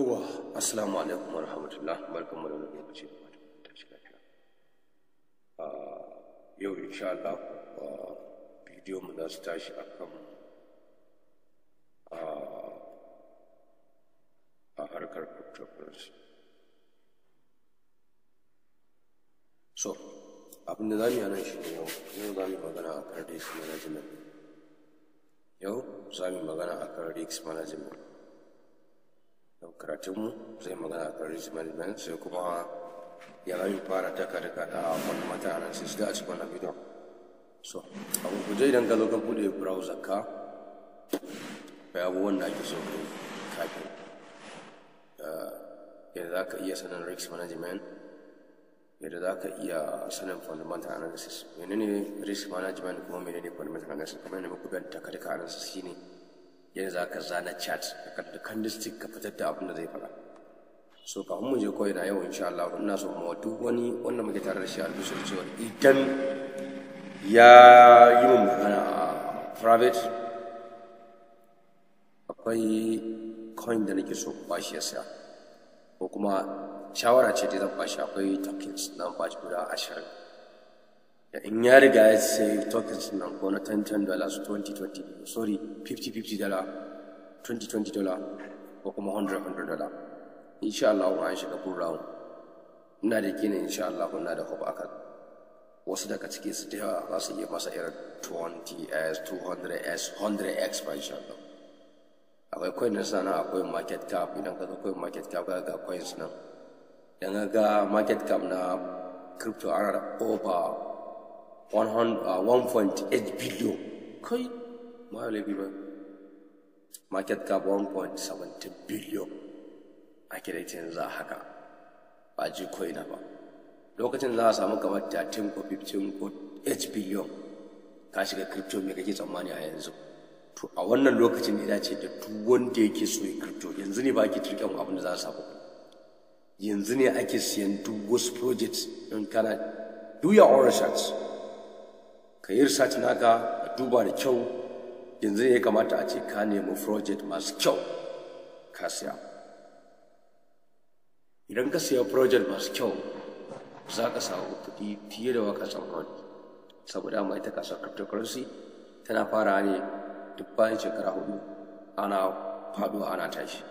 yawa assalamu alaikum warahmatullah barkanmu da wani lokaci da ah, wata ta a yau insha Allah ah, bidiyo mu za su tashi akan ah, a harkar cryptocurrency so abin da za mu yi nan shi yau yau za mu yi magana akan risk management yau za mu yi magana akan risk management karatunmu sai magana kan risk management sai kuma ya rayu fara ta karika da wani mataran sai shiga a cikin wani bidiyon so abu guje idan ka zo ka bude browser ka kai abubuwan da ake so ka yi kafin eh, yadda za ka iya sanin risk management yadda za ka iya sanin fundamental analysis menene risk management kuma menene fundamental analysis kuma yana muku ka takarika analysis shine ne Yanzu aka zana chat ka dukkan district ka fitar da abin da zai faɗa so kafin mu je koyi na yau insha Allah ina so mu duk wani wanda muke tare da shi albishir cewa idan ya yi mu magana a private akwai coin da nake so ba shi ya siya ko kuma shawara ce da zan ba shi akwai tokens na ba shi guda ashirin in ya riga ya sayi tokens na ko na 10 dollars 2020 sorry 50 50 dollar 2020 dollar ko kuma 100 100 dollar insha Allah an shiga full round ina da kina insha Allah ina da hope akan wasu daga cikin su da ba su yi masa irin 20s 200s 100x ba insha Allah akwai coin na sana akwai market cap idan ka zo coin market cap ga coins nan dan ga market cap na crypto ana over 1.8 uh, billion kai ma laifi ba market cap 1.70 billion a kiraitin yanzu a haka ba ji koi na ba lokacin za a samu kamar 13 ko 15 ko 8 billion ka shiga crypto mai kake tsammani a yanzu to a wannan lokacin ne dace da duk wanda yake so ya crypto yanzu ne ba ake turken abin da za a samu yanzu ne ake siyan duk wasu projects in kana do your own research ka yi research naka a duba da kyau yanzu ya kamata a ce ka nemi project masu kyau ka siya idan ka siya project masu kyau za ka samu kuɗi fiye da waka tsammani saboda mai ta kasar cryptocurrency tana fara ne duk bayan shekara hudu ana faduwa ana tashi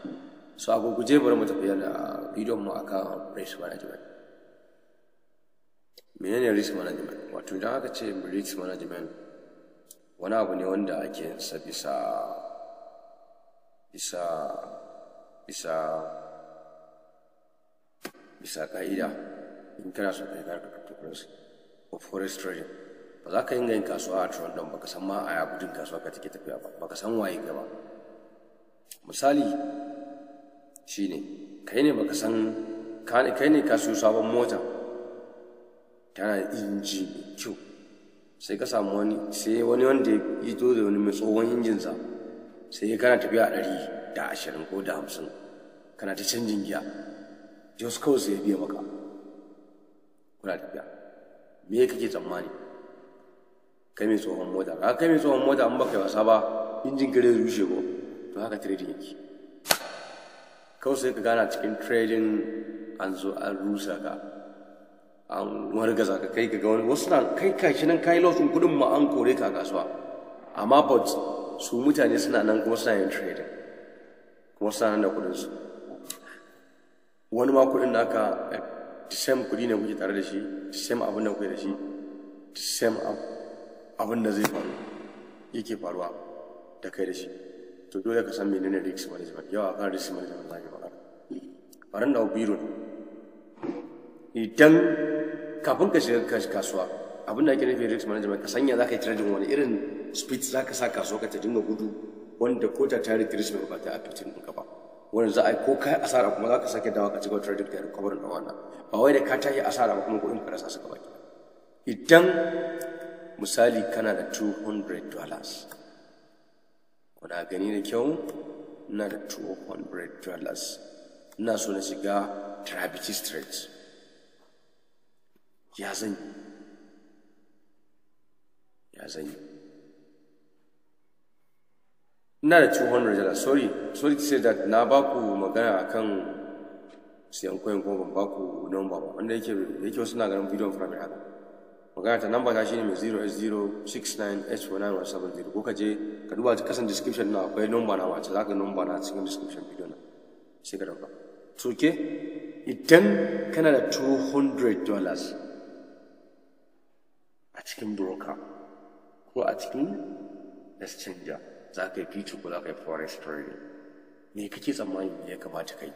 so a guguje bari mu tafiya da bidiyon mu akan race management menene risk management wato idan aka ce risk management wani abu ne wanda ake sa bisa bisa bisa bisa ka'ida in kana so kai karka cryptocurrency ko forest trading ba za ka yi yin kasuwa a turon don baka san ma a ya gudun kasuwa ka take tafiya ba baka san waye ka ba misali shine kai ne baka san kai ne ka sabon mota tana da inji mai kyau sai ka samu wani sai wani wanda ya zo da wani mai tsohon injinsa sai kana tafiya a ɗari da ashirin ko da hamsin kana ta canjin giya jos kawai sai ya biya maka kuna tafiya me kake tsammani kai mai tsohon mota ka kai mai tsohon mota an baka wasa ba injin gare rushe ko to haka trading yake kawai sai ka gana cikin trading an zo an rusa ka an wargaza ka kai ga wani wasu na kai kashi nan kayi lausun kudin ma an kore ka kasuwa amma but su mutane suna nan kuma suna yin trading kuma suna nan da kudin su wani ma kudin da aka eh, same kudi ne kuke tare da shi same abin da kuke da shi same abin da zai faru yake faruwa da kai da shi to dole ka san menene risk management yawa kan risk management zai magana faran da biro idan kafin ka shiga kasuwa abin da ake nufi risk management ka sanya za ka yi trading wani irin speed za ka sa kasuwa ka ta dinga gudu wanda ko ta tare da risk ba ta affecting ka ba wanda za a yi ko kai asara kuma za ka sake dawa ka ci gaba trading da recovery da wannan ba wai da ka ta yi asara ba kuma kuɗin ka rasa su gaba idan misali kana da 200 dollars kuna gani da kyau na da 200 dollars ina so na shiga Travis street. ya zan ya zan ina da 200 jala sorry sorry to say that na ba ku magana akan siyan koyon kuma ban ba ku number ba wanda yake yake wasu na ganin bidiyon mai haka magana ta number ta shine mai 0s069h1970 ko ka je ka duba kasan description na akwai number na wace za ka number na cikin description video na sai ka dauka to ke idan kana da 200 dollars cikin broker ko a cikin exchanger za ka yi fici ko za ka yi forex trading me kake tsammani ya kamata ka yi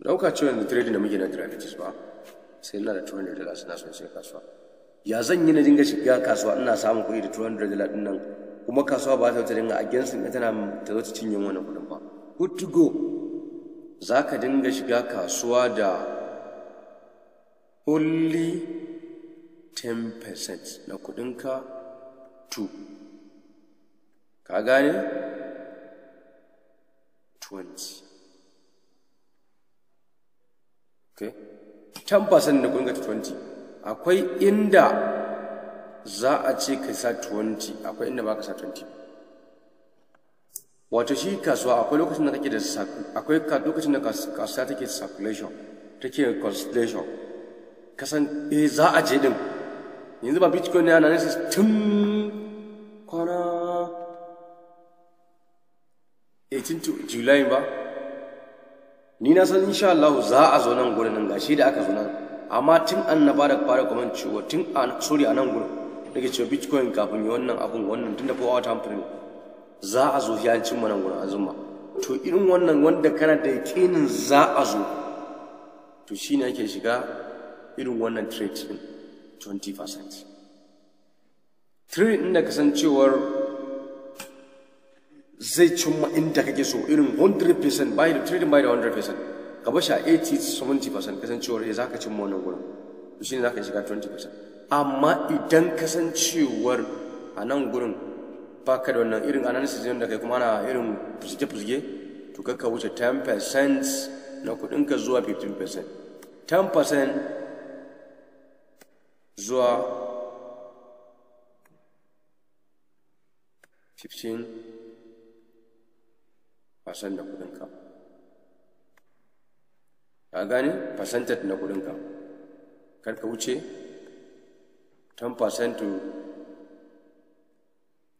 ɗauka cewa yanzu trading da muke na derivatives ba sai ina da 200 dala suna son sai kasuwa ya zan yi na dinga shiga kasuwa ina samun kuɗi da 200 dala dinnan? nan kuma kasuwa ba ta dinga against ɗin tana ta zo ta yin wannan kuɗin ba good to go za ka dinga shiga kasuwa da only 10% na kudinka 2 ka gane 20 okay 10% na kudinka 20 akwai inda za a ce ka sa 20 akwai inda ba ka sa 20 wato shi kasuwa akwai lokacin da kake da akwai lokacin da kasuwa take circulation take constellation kasan eh za a je din yanzu ba bitcoin ne analysis tun kwana 18 july ba ni na san insha Allah za a zo nan gurin nan gashi da aka zo nan amma tun an na bada fara kuma cewa tun a sorry a nan gurin nake cewa bitcoin kafin yi wannan abun wannan tun da kowa wata amfani za a zo ya cin mana gurin azumma to irin wannan wanda kana da yakinin za a zo to shine ake shiga irin wannan trade 20%. Three ɗin kasancewar zai cimma inda kake so irin 100% by da trading by da 100% ka bashi 80-70% kasancewar ya eh, zaka cimma wannan gurin to shine zaka shiga 20% amma idan kasancewar a nan gurin ka da wannan irin analysis da kai kuma ana irin fuzge-fuzge to kakka wuce 10% na kuɗinka zuwa 15% 10% zuwa 15 fasan da kudinka ka gani fasantar na kudinka kar ka wuce 10%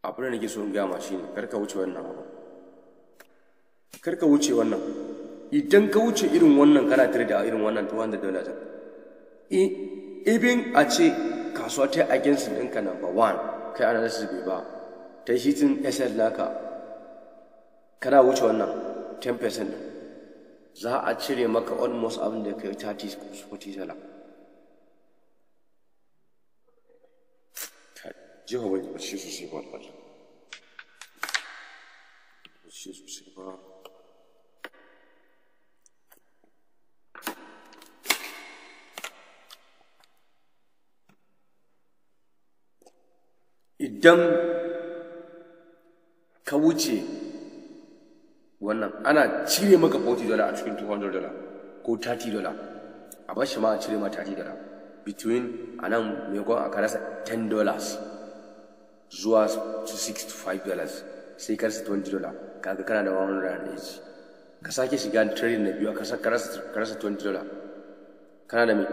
abu da nake so ga gama shi ne kar wuce wannan abu karka wuce wannan idan ka wuce irin wannan kana tare da irin wannan 200 dollars eh, ibin a ce kasuwa ta against ɗinka number one kai analysis bai ba ta yi hitin SL naka kana wuce wannan 10% za a cire maka almost abin da kai 30 40 sala jihohar da shi su sai ba shi su sai ba idan ka wuce wannan ana cire maka 40 dollar a cikin 200 dollar ko 30 dollar a bashi ma a cire ma 30 dollar between a nan maimakon a karasa 10 dollars zuwa 6 to 5 dollars sai karasa 20 dollar kaga kana da 180 ka sake shiga trading na biyu ka rasa 20 dollar kana da me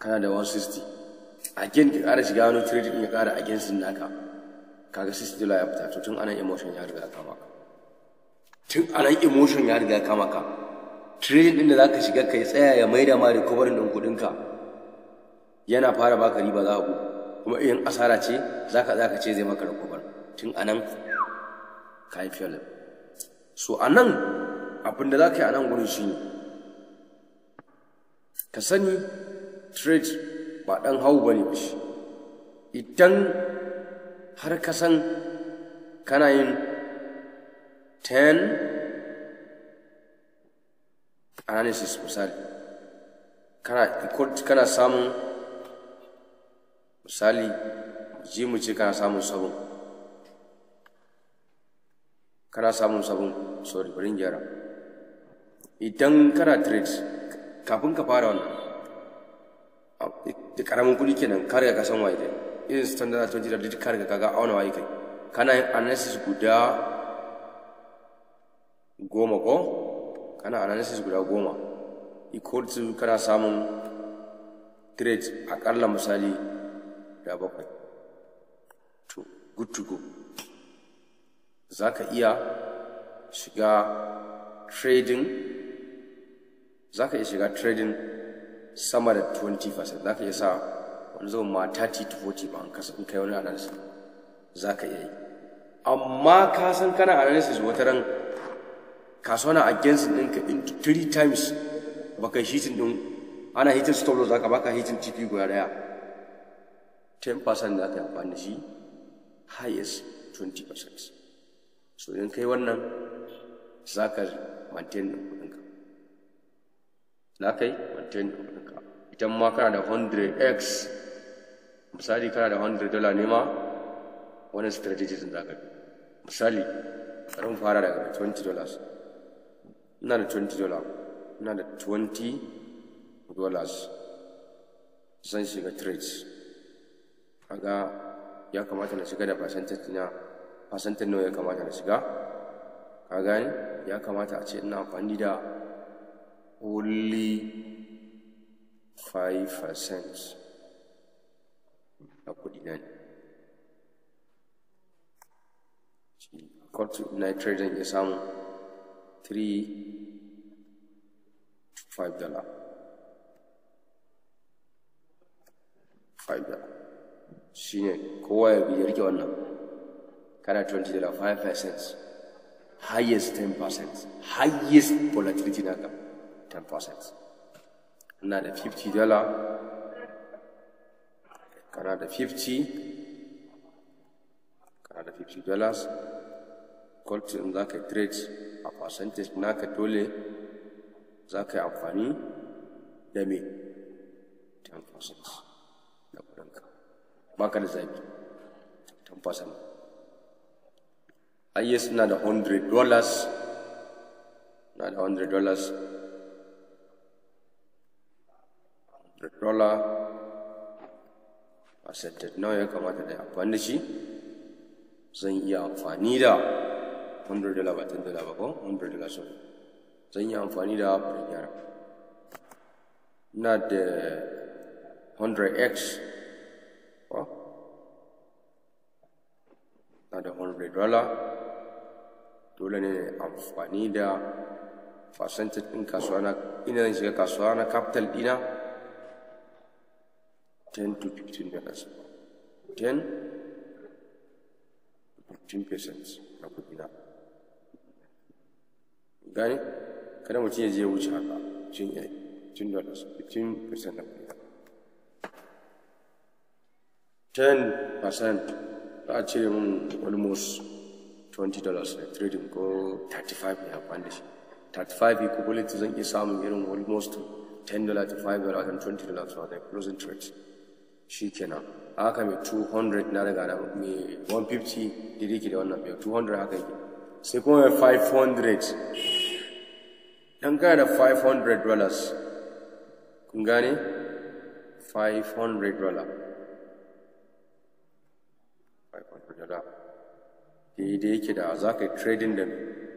kana da 160 again ka kara shiga wani trading ya kara against din naka kaga 6 dollar ya fita to tun anan emotion ya riga kama tun anan emotion ya riga kama ka trading din da zaka shiga kai tsaya ya maida ma recovery din kudin ka yana fara baka riba za ku kuma in asara ce zaka zaka ce zai maka recover tun anan ka yi fiyalim so anan abin da za ka yi anan gurin shi ne ka sani trade ba ɗan hau ba ne shi idan har ka san kana yin 10 analysis misali kana, kana samun misali ji mu ce kana samun sabon kana samun sabon sorry bari gyara idan kana trade kafin ka fara wannan da karamin kudi kenan ka riga ka san waye in irin standard 20 da duk ka ka ga auna waye kai kana yin analysis guda goma ko kana analysis guda goma equal to kana samun trade a akalla misali da bakwai to good to go zaka iya shiga trading zaka iya shiga trading sama da 20% za ka iya sa wani zama ma 30 to 40 ba in kai wani analysis za ka iya yi amma ka san kana analysis wata ran kasuwa na against ɗinka in 3 times ba baka hitin ɗin ana hitin stop loss ka baka hitin TP guda daya 10% za ka yi amfani da shi highest 20% so idan kai wannan za ka maintain ɗin kuɗinka za ka yi maintain ɗin idan ma kana da 100x misali kana da 100 dollar ne ma wani strategies da ka bi misali tsarin fara daga 20 dollars ina da 20 dollar ina da 20 dollars zan shiga trades kaga ya kamata na shiga da percentage na percentage nawa ya kamata na shiga kaga ya kamata a ce ina amfani da only 5% na kudi nani nitrogen is some 3 5 dollar 5 dollar shine kowa ya biya rike wannan kana 20 dollar 5% highest 10% highest volatility naka 10% na da 50 dala kana da 50 kana da 50 dollars kwalitin in za ka trade a percentage na ka dole za ka yi amfani da me 10% na kudinka ba ka da zaɓi 10% ayyus na da 100 dollars na da 100 dollars a percentage nawa ya kamata da amfani da shi zan iya amfani da 100 dala ba 10 dala ba ko 100 dala so zan iya amfani da yara na da 100x ko na da 100 dala dole ne amfani da percentage ɗin kasuwa na inda zan shiga kasuwa na capital ɗina 10 to 15 dollars 10 to 15 percent na kuɗi na gani kada mutum ya je wuce haka 15 eh, dollars 15 percent na kuɗi na 10 percent za a cire min almost 20 dollars na trading ko 35 ne amfani da shi 35 equivalent zan iya samun irin almost 10 dollars to 5 dollars and 20 dollars for the closing trade shikenan haka mai 200 na daga mai 150 da ke da wannan mai 200 haka yake sai kuma mai 500 ɗan kana da 500 dollars kun gane 500 dollars 500 dollar daidai yake da za ka yi trading da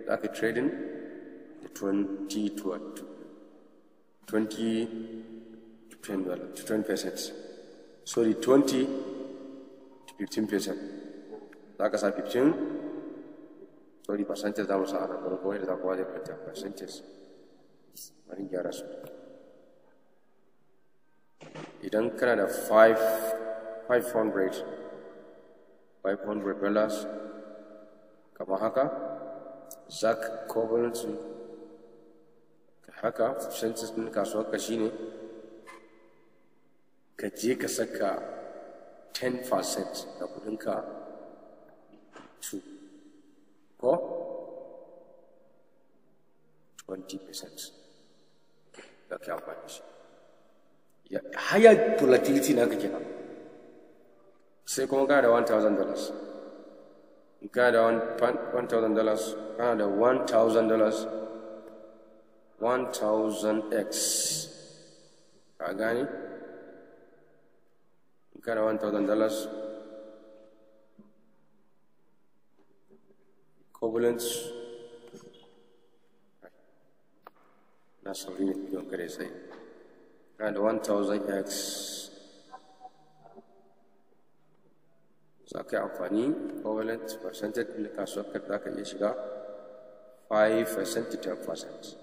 za ka yi trading da 20 to 20 to 20, dollars to 20 percent sorry 20 to 15 percent za ka sa 15 sorry percentage za mu sa ana nan farko yadda za ku wajen fita percentage wani gyara su idan kana da 500 500 dollars kamar haka zac covenant haka percentage din kasuwar ka shine ne ka je ka saka 10% na kudinka to ko 20% da ka amfani shi haya volatility na kake kenan sai kuma kana da $1,000 in kana da $1,000 dollars kana da $1,000 dollars 1,000x ka gani? Encara one thousand dollars equivalents. Nasıl limit milyon kere sayın. And 1000x So, ka yi amfani equivalent percentage na kasuwar ka za ka iya 5% to 10%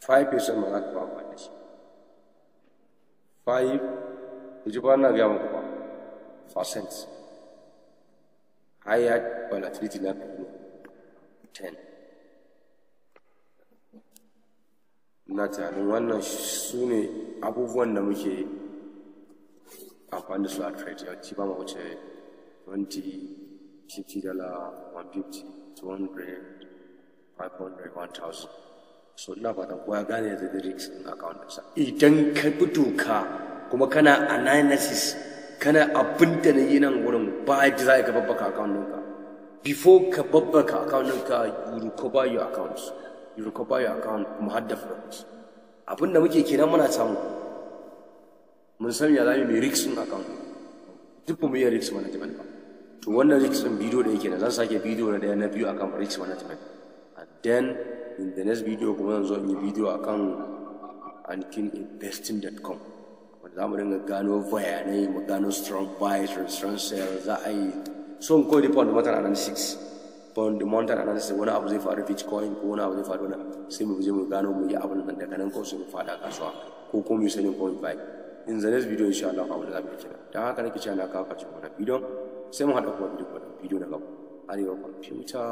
5% ma za ka ba 5 ku ji ba na gaya muku ba percent higher volatility na kudu 10 na tunanin wannan su ne abubuwan da muke amfani da su a trade yawanci ba mu wuce 20 50 150 200 500 1000 so ina fatan kowa gane da risk din account idan ka bi doka kuma kana analysis kana abin da na yi nan wurin ba yadda za ka babbaka account ɗinka before ka babbaka account ɗinka you recover your account you recover your account kuma har da abin da muke kenan muna samu mun san ya zami mai risk ɗin account duk mu yi risk management ba to wannan risk ɗin bidiyo da yake nan zan sake bidiyo na ɗaya na biyu akan risk management and then in the next video kuma zan zo in yi bidiyo akan ankininvesting.com za mu dinga gano bayanai mu gano strong buys or strong sales za a yi so mu koyi pound motor analysis pound motor analysis wani abu zai faru bitcoin ko wani abu zai faru wani sai mu je mu gano mu yi abin nan daga nan kawai sai mu fada kasuwa ko ko mu yi sanin ko mu buy in the next video insha Allah abu da za mu kira dan haka nake cewa na kawo kacin wannan bidiyon sai mu haɗa kuma bidiyo na gaba arewa computer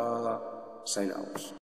sign out